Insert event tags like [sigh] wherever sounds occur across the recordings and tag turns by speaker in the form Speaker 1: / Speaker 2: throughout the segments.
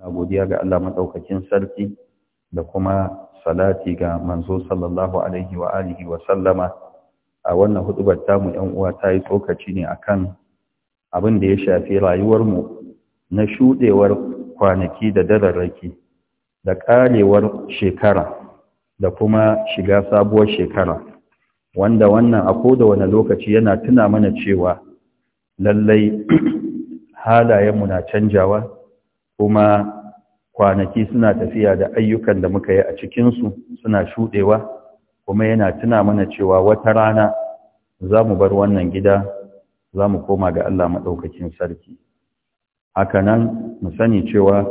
Speaker 1: na godiya ga Allah madaukakin sarki da kuma salati ga manzo sallallahu alaihi wa alihi wa sallama a wannan hudubar tamu yan uwa ta yi tsokaci ne akan abin da ya shafi rayuwar mu na shudewar kwanaki da dararraki da ƙarewar shekara da kuma shiga sabuwar shekara wanda wannan a koda wani lokaci yana tuna mana cewa lallai [clears throat] halayenmu na canjawa kuma kwanaki suna tafiya da ayyukan da muka yi a cikinsu suna shuɗewa kuma yana tuna mana cewa wata rana za mu bar wannan gida za mu koma ga Allah maɗaukakin sarki hakanan mu sani cewa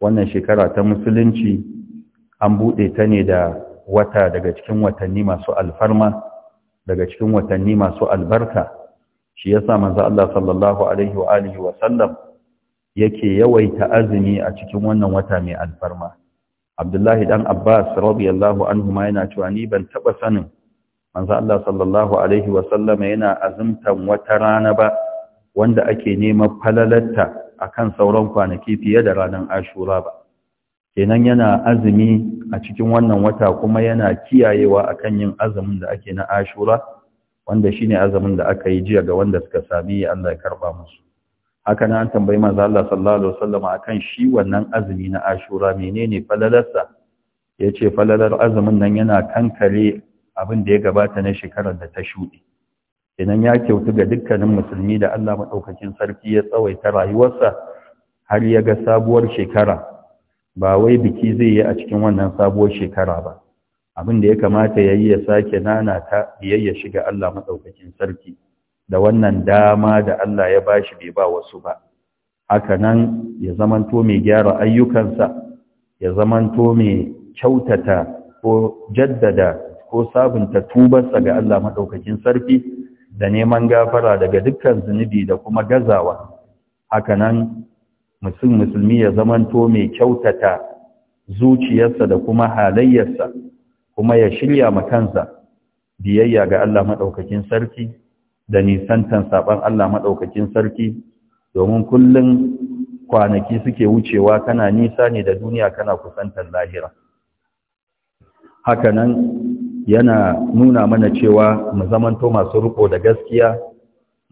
Speaker 1: wannan shekara ta musulunci an buɗe ta ne da wata daga cikin watanni masu alfarma daga cikin watanni masu albarka shi yasa manzo Allah sallallahu alaihi wa sallam yake yawaita azumi a cikin wannan wata mai alfarma abdullahi dan abbas radiyallahu anhu ma yana cewa ni ban taba sanin manzo Allah sallallahu alaihi wa sallama yana azumtan wata rana ba wanda ake neman falalarta akan sauran kwanaki fiye da ranar Ashura ba kenan yana azumi a cikin wannan wata kuma yana kiyayewa akan yin azumin da ake na Ashura wanda shine azumin da aka yi jiya ga wanda suka sami Allah ya karba musu haka na an tambayi manzo Allah sallallahu alaihi wasallam akan shi wannan azumi na Ashura menene falalarsa yace falalar azumin nan yana kankare abin da ya gabata na shekarar da ta shuɗe idan ya kyautu ga dukkanin musulmi da Allah madaukakin sarki ya tsawaita rayuwarsa har ya ga sabuwar shekara ba wai biki zai yi a cikin wannan sabuwar shekara ba abin da ya kamata yayi ya sake nana ta biyayya shiga Allah madaukakin sarki da wannan dama da Allah ya bashi bai ba wasu ba haka nan ya zamanto mai gyara ayyukansa ya zamanto mai kyautata ko jaddada ko sabunta tubarsa ga Allah maɗaukakin sarki da neman gafara daga dukkan zunubi da kuma gazawa haka nan mutum musulmi ya zamanto mai kyautata zuciyarsa da kuma halayyarsa kuma ya shirya ma kansa biyayya ga Allah maɗaukakin sarki da nisantan saban Allah maɗaukakin sarki domin kullum kwanaki suke wucewa kana nisa ne da duniya kana kusantar lahira hakanan yana nuna mana cewa mu zamanto masu riko da gaskiya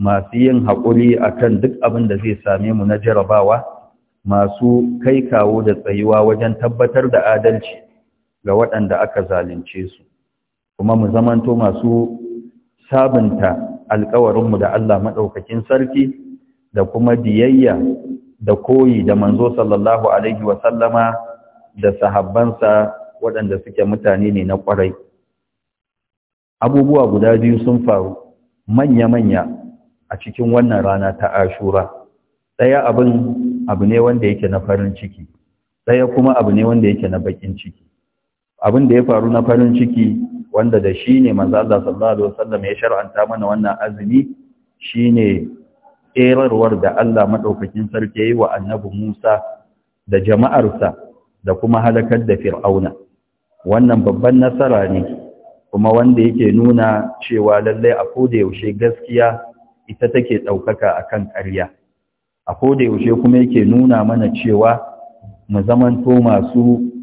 Speaker 1: masu yin haƙuri a kan duk abin da zai same mu na jarabawa masu kai kawo da tsayuwa wajen tabbatar da adalci ga waɗanda aka zalunce su kuma mu zamanto masu sabunta alkawarinmu da Allah maɗaukakin sarki da kuma biyayya da koyi da manzo sallallahu alaihi sallama da sahabbansa waɗanda suke mutane ne na ƙwarai. Abubuwa guda biyu sun faru manya-manya a cikin wannan rana ta ashura. Ɗaya abin abu ne wanda yake na farin ciki, ɗaya kuma abu ne wanda yake na baƙin ciki. Abin da ya faru na farin ciki wanda da shi ne manzo Allah sallallahu alaihi wasallam ya shar'anta mana wannan azumi shine erarwar da Allah maɗaukakin sarki yayi wa annabi Musa da jama'arsa da kuma halakar da Fir'auna wannan babban nasara ne kuma wanda yake nuna cewa lallai a koda yaushe gaskiya ita take a akan ƙarya a koda yaushe kuma yake nuna mana cewa mu zamanto masu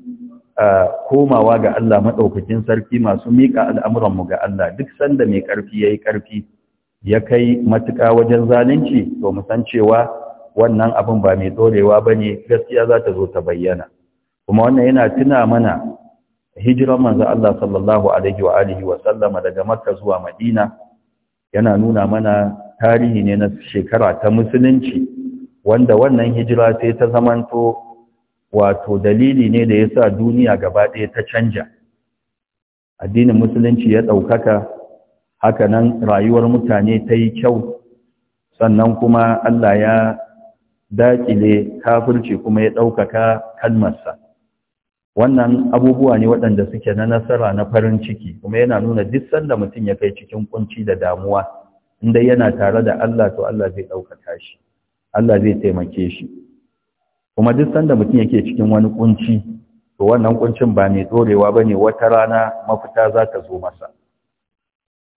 Speaker 1: komawa ga Allah maɗaukakin sarki masu miƙa al'amuranmu ga Allah duk sanda mai ƙarfi ya yi ƙarfi ya kai matuƙa wajen zalunci to mu san cewa wannan abin ba mai ɗorewa ba ne gaskiya za ta zo ta bayyana kuma wannan yana tuna mana hijiran manzo Allah sallallahu alaihi wa alihi wa sallama daga Makka zuwa Madina yana nuna mana tarihi ne na shekara ta musulunci wanda wannan hijira sai ta zamanto wato dalili ne da ya sa duniya gaba ɗaya ta canja addinin musulunci ya ɗaukaka haka nan, rayuwar mutane ta yi kyau sannan kuma Allah ya daƙile kafirci kuma ya ɗaukaka kalmarsa wannan abubuwa ne waɗanda suke na nasara na farin ciki kuma yana nuna duk sanda mutum ya kai cikin kunci da damuwa inda yana tare da Allah to Allah zai ɗaukaka shi Allah zai taimake shi kuma duk sanda mutum yake cikin wani kunci to wannan kuncin ba mai dorewa ba ne wata rana mafita za ta zo masa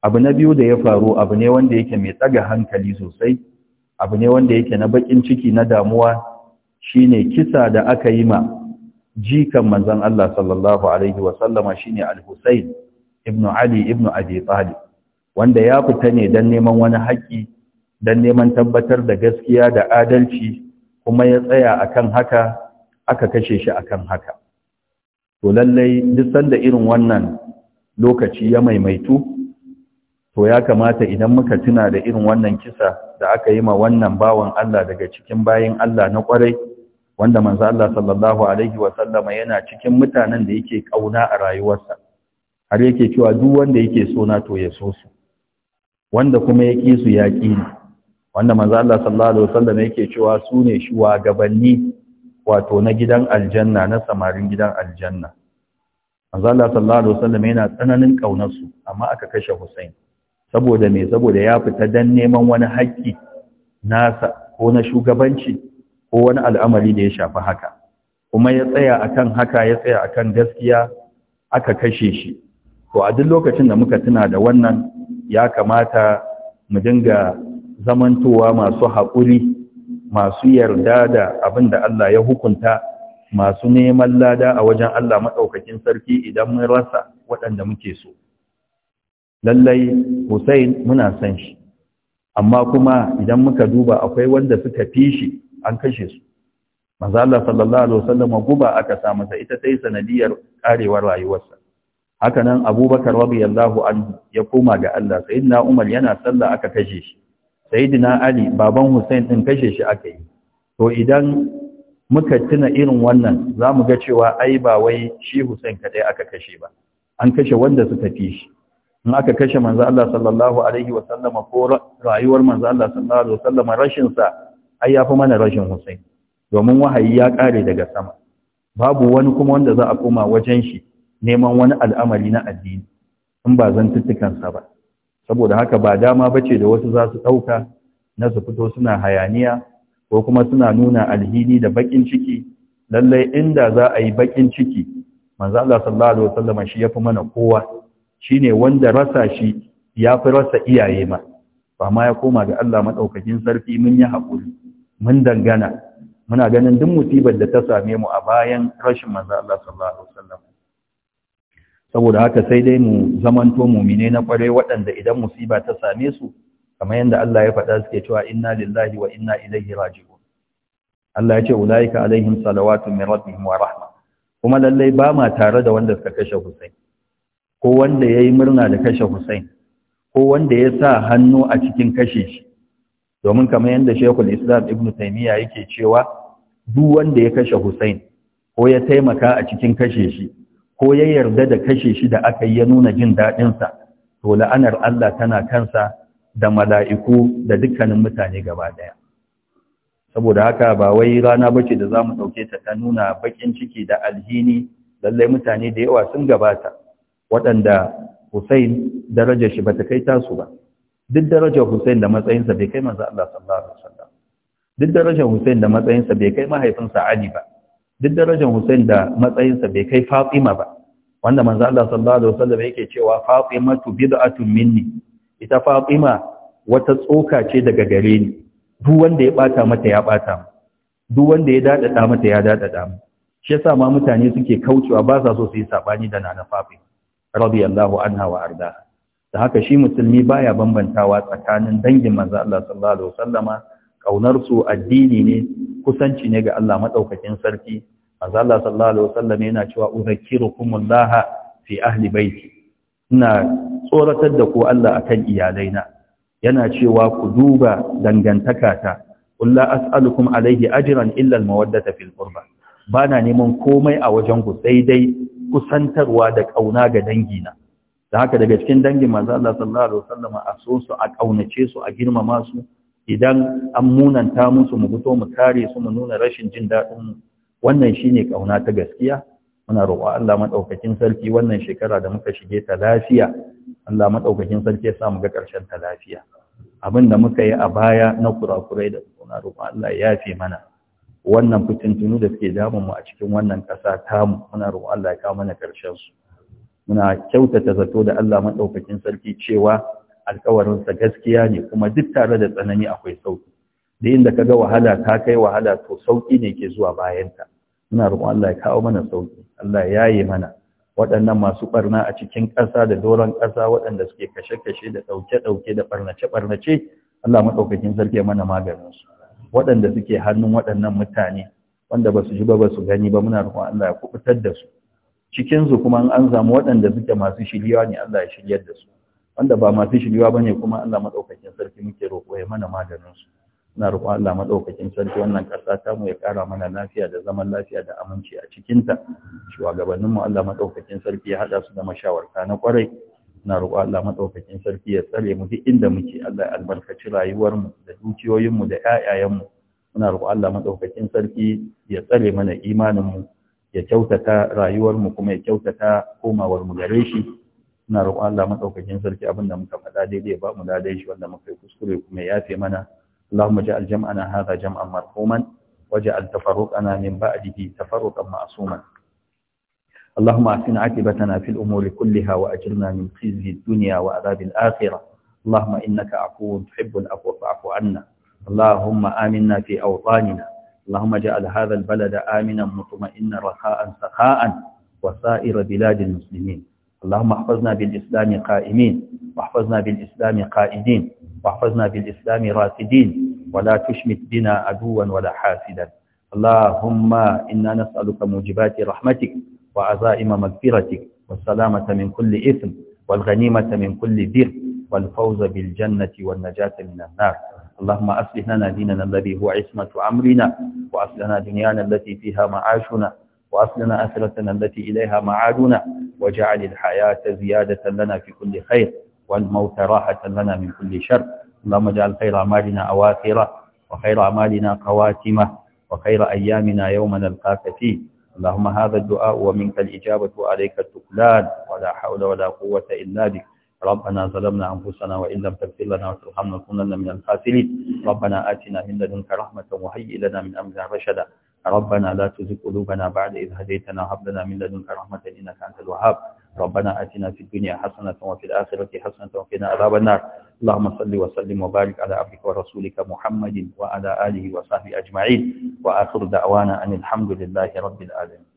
Speaker 1: abu na biyu da ya faru abu ne wanda yake mai tsaga hankali sosai abu ne wanda yake na bakin ciki na damuwa shine kisa da aka yi ma jikan manzon Allah sallallahu alaihi wa sallama shine al-Husayn ibn Ali ibn Abi Talib wanda ya fita ne dan neman wani haƙƙi, dan neman tabbatar da gaskiya da adalci kuma ya tsaya akan haka aka kashe shi akan haka to lallai duk sanda irin wannan lokaci ya maimaitu to ya kamata idan muka tuna da irin wannan kisa da aka yi ma wannan bawan Allah daga cikin bayin Allah na kwarai wanda manzo Allah sallallahu alaihi wa sallama yana cikin mutanen da yake kauna a rayuwarsa har yake cewa duk wanda yake so na to ya so su wanda kuma ya ki su ya ƙi ni wanda manzo Allah sallallahu alaihi wasallam yake cewa su ne shugabanni wato na gidan aljanna na samarin gidan aljanna manzo Allah sallallahu alaihi wasallam yana tsananin kaunar su amma aka kashe Hussein saboda me saboda ya fita dan neman wani haƙƙi nasa ko na shugabanci ko wani al'amari da ya shafi haka kuma ya tsaya akan haka ya tsaya akan gaskiya aka kashe shi to a duk lokacin da muka tuna da wannan ya kamata mu dinga zamantowa masu haƙuri masu yarda da abin da Allah ya hukunta masu neman lada a wajen Allah maɗaukakin sarki idan mun rasa waɗanda muke so. Lallai Hussein muna san shi, amma kuma idan muka duba akwai wanda suka fi shi an kashe su. Maza Allah sallallahu Alaihi wasallam guba aka sa masa ita ta yi sanadiyar ƙarewar rayuwarsa. Hakanan Abubakar radiyallahu anhu ya koma ga Allah, na Umar yana sallah aka kashe shi. sayidina ali baban hussein din kashe shi aka yi to idan muka tuna irin wannan za mu ga cewa ai ba wai shi hussein kadai aka kashe ba an kashe wanda suka fi shi in aka kashe manzo Allah sallallahu alaihi wa sallama ko rayuwar manzo Allah sallallahu alaihi wa sallama rashin sa ai yafi mana rashin hussein domin wahayi ya kare daga sama babu wani kuma wanda za a koma wajen shi neman wani al'amari na addini in ba zan tuttukan sa ba saboda haka ba dama ba ce da wasu za su ɗauka na su fito suna hayaniya ko kuma suna nuna alhini da baƙin ciki lallai inda za a yi baƙin ciki manzo Allah sallallahu alaihi wasallam shi yafi mana kowa shine wanda rasa shi yafi rasa iyaye ma ba ma ya koma ga Allah madaukakin sarki mun yi hakuri mun dangana muna ganin duk musibar da ta same mu a bayan rashin manzo Allah sallallahu alaihi wasallam saboda haka sai dai mu zamanto mumine na kwarai waɗanda idan musiba ta same su kamar yadda Allah ya faɗa suke cewa inna lillahi wa inna ilaihi raji'un Allah ya ce ulaika alaihim salawatu min rabbihim wa rahma kuma lallai ba ma tare da wanda suka kashe Hussein ko wanda yayi murna da kashe Hussein ko wanda ya sa hannu a cikin kashe shi domin kamar yadda Sheikhul Islam Ibn Taymiyyah yake cewa duk wanda ya kashe Hussein ko ya taimaka a cikin kashe shi ko ya yarda da kashe shi da aka yi ya nuna jin daɗinsa to la'anar Allah tana kansa da mala'iku da dukkanin mutane gaba ɗaya saboda haka ba wai rana bace da za mu ɗauke ta ta nuna baƙin ciki da alhini lallai mutane da yawa sun gabata waɗanda Hussein darajar shi bata kai tasu ba duk darajar Hussein da matsayinsa bai kai manzo Allah sallallahu alaihi wasallam duk darajar Hussein da matsayinsa bai kai mahaifinsa Ali ba duk darajar Hussein da matsayinsa bai kai Fatima ba wanda manzo Allah sallallahu alaihi wasallam yake cewa Fatimatu bid'atun minni ita Fatima wata tsoka ce daga gare ni duk wanda ya bata mata ya bata duk wanda ya dadada mata ya dadada mu shi yasa ma mutane suke kaucewa ba sa so su yi sabani da nana Fatima radiyallahu anha wa arda da haka shi musulmi baya bambantawa tsakanin dangin manzo Allah sallallahu alaihi wasallama kaunar su addini ne kusanci ne ga Allah madaukakin sarki manzo Allah sallallahu alaihi wasallam yana cewa uzakkirukumullaha fi ahli baiti ina tsoratar da ku Allah akan iyalaina yana cewa ku duba dangantakata kullu as'alukum alaihi ajran illa almawaddata fil qurba bana neman komai a wajen ku sai dai kusantarwa da kauna ga dangina da haka daga cikin dangin manzo Allah sallallahu alaihi wasallam a so su a kaunace su a girmama su idan an munanta musu mu fito mu kare su mu nuna rashin jin daɗin mu wannan shine kauna ta gaskiya muna roƙon Allah madaukakin sarki wannan shekara da muka shige ta lafiya Allah madaukakin sarki ya sa mu ga ƙarshen ta lafiya abin da muka yi a baya na kurakurai da muna roƙon Allah ya yafe mana wannan fitintunu da suke damun mu a cikin wannan ƙasa tamu muna roƙon Allah ya kawo mana ƙarshen su muna kyautata zato da Allah maɗaukakin sarki cewa alkawarinsa gaskiya ne kuma duk tare da tsanani akwai sauki da inda kaga wahala ta kai wahala to sauki ne ke zuwa bayanta muna roƙon Allah ya kawo mana sauki Allah ya yaye mana waɗannan masu barna a cikin ƙasa da doron ƙasa waɗanda suke kashe-kashe da ɗauke-ɗauke da ɓarnace-ɓarnace Allah maɗaukakin sarki mana maganin su waɗanda suke hannun waɗannan mutane wanda ba su ji ba ba su gani ba muna roƙon Allah ya kubutar da su cikin su kuma an samu waɗanda suke masu shiryawa ne Allah ya shiryar da su wanda ba masu shiriyawa bane kuma Allah maɗaukakin sarki muke roƙo ya mana maganin su na roƙon Allah madaukakin sarki wannan ƙasa ta mu ya ƙara mana lafiya da zaman lafiya da aminci a cikinta shugabannin mu Allah madaukakin sarki ya hada su da mashawarta na kwarai na roƙon Allah madaukakin sarki ya tsare mu duk inda muke Allah ya albarkaci rayuwar da dukiyoyinmu, da ƴaƴayen mu muna roƙon Allah madaukakin sarki ya tsare mana imanin mu ya kyautata rayuwarmu kuma ya kyautata komawarmu mu gare shi muna roƙon Allah madaukakin sarki abinda muka faɗa daidai ba mu ladai shi wanda muka yi kuskure kuma ya yafe mana اللهم اجعل جمعنا هذا جمعا مرحوما واجعل تفرقنا من بعده تفرقا معصوما اللهم أحسن عاقبتنا في الأمور كلها وأجرنا من خزي الدنيا وعذاب الآخرة اللهم إنك عفو تحب العفو فاعف عنا اللهم آمنا في أوطاننا اللهم اجعل هذا البلد آمنا مطمئنا رخاء سخاء وسائر بلاد المسلمين اللهم احفظنا بالإسلام قائمين واحفظنا بالإسلام قائدين واحفظنا بالإسلام راسدين ولا تشمت بنا عدوا ولا حاسدا اللهم إنا نسألك موجبات رحمتك وعزائم مغفرتك والسلامة من كل إثم والغنيمة من كل ذر والفوز بالجنة والنجاة من النار اللهم أصلح لنا ديننا الذي هو عصمة أمرنا وأصلح لنا دنيانا التي فيها معاشنا وأصلح لنا آخرتنا التي إليها معادنا وجعل الحياة زيادة لنا في كل خير والموت راحة لنا من كل شر اللهم اجعل خير أعمالنا أواخره وخير أعمالنا خواتمه وخير أيامنا يوم نلقاك فيه اللهم هذا الدعاء ومنك الإجابة وعليك التكلان ولا حول ولا قوة إلا بك ربنا ظلمنا أنفسنا وإن لم تغفر لنا وترحمنا لنكونن من الخاسرين ربنا آتنا من لدنك رحمة وهيئ لنا من أمرنا رشدا ربنا لا تزغ قلوبنا بعد إذ هديتنا وهب لنا من لدنك رحمة إنك أنت الوهاب ربنا آتنا في الدنيا حسنة وفي الآخرة حسنة وقنا عذاب النار اللهم صل وسلم وبارك على عبدك ورسولك محمد وعلى آله وصحبه أجمعين وآخر دعوانا أن الحمد لله رب العالمين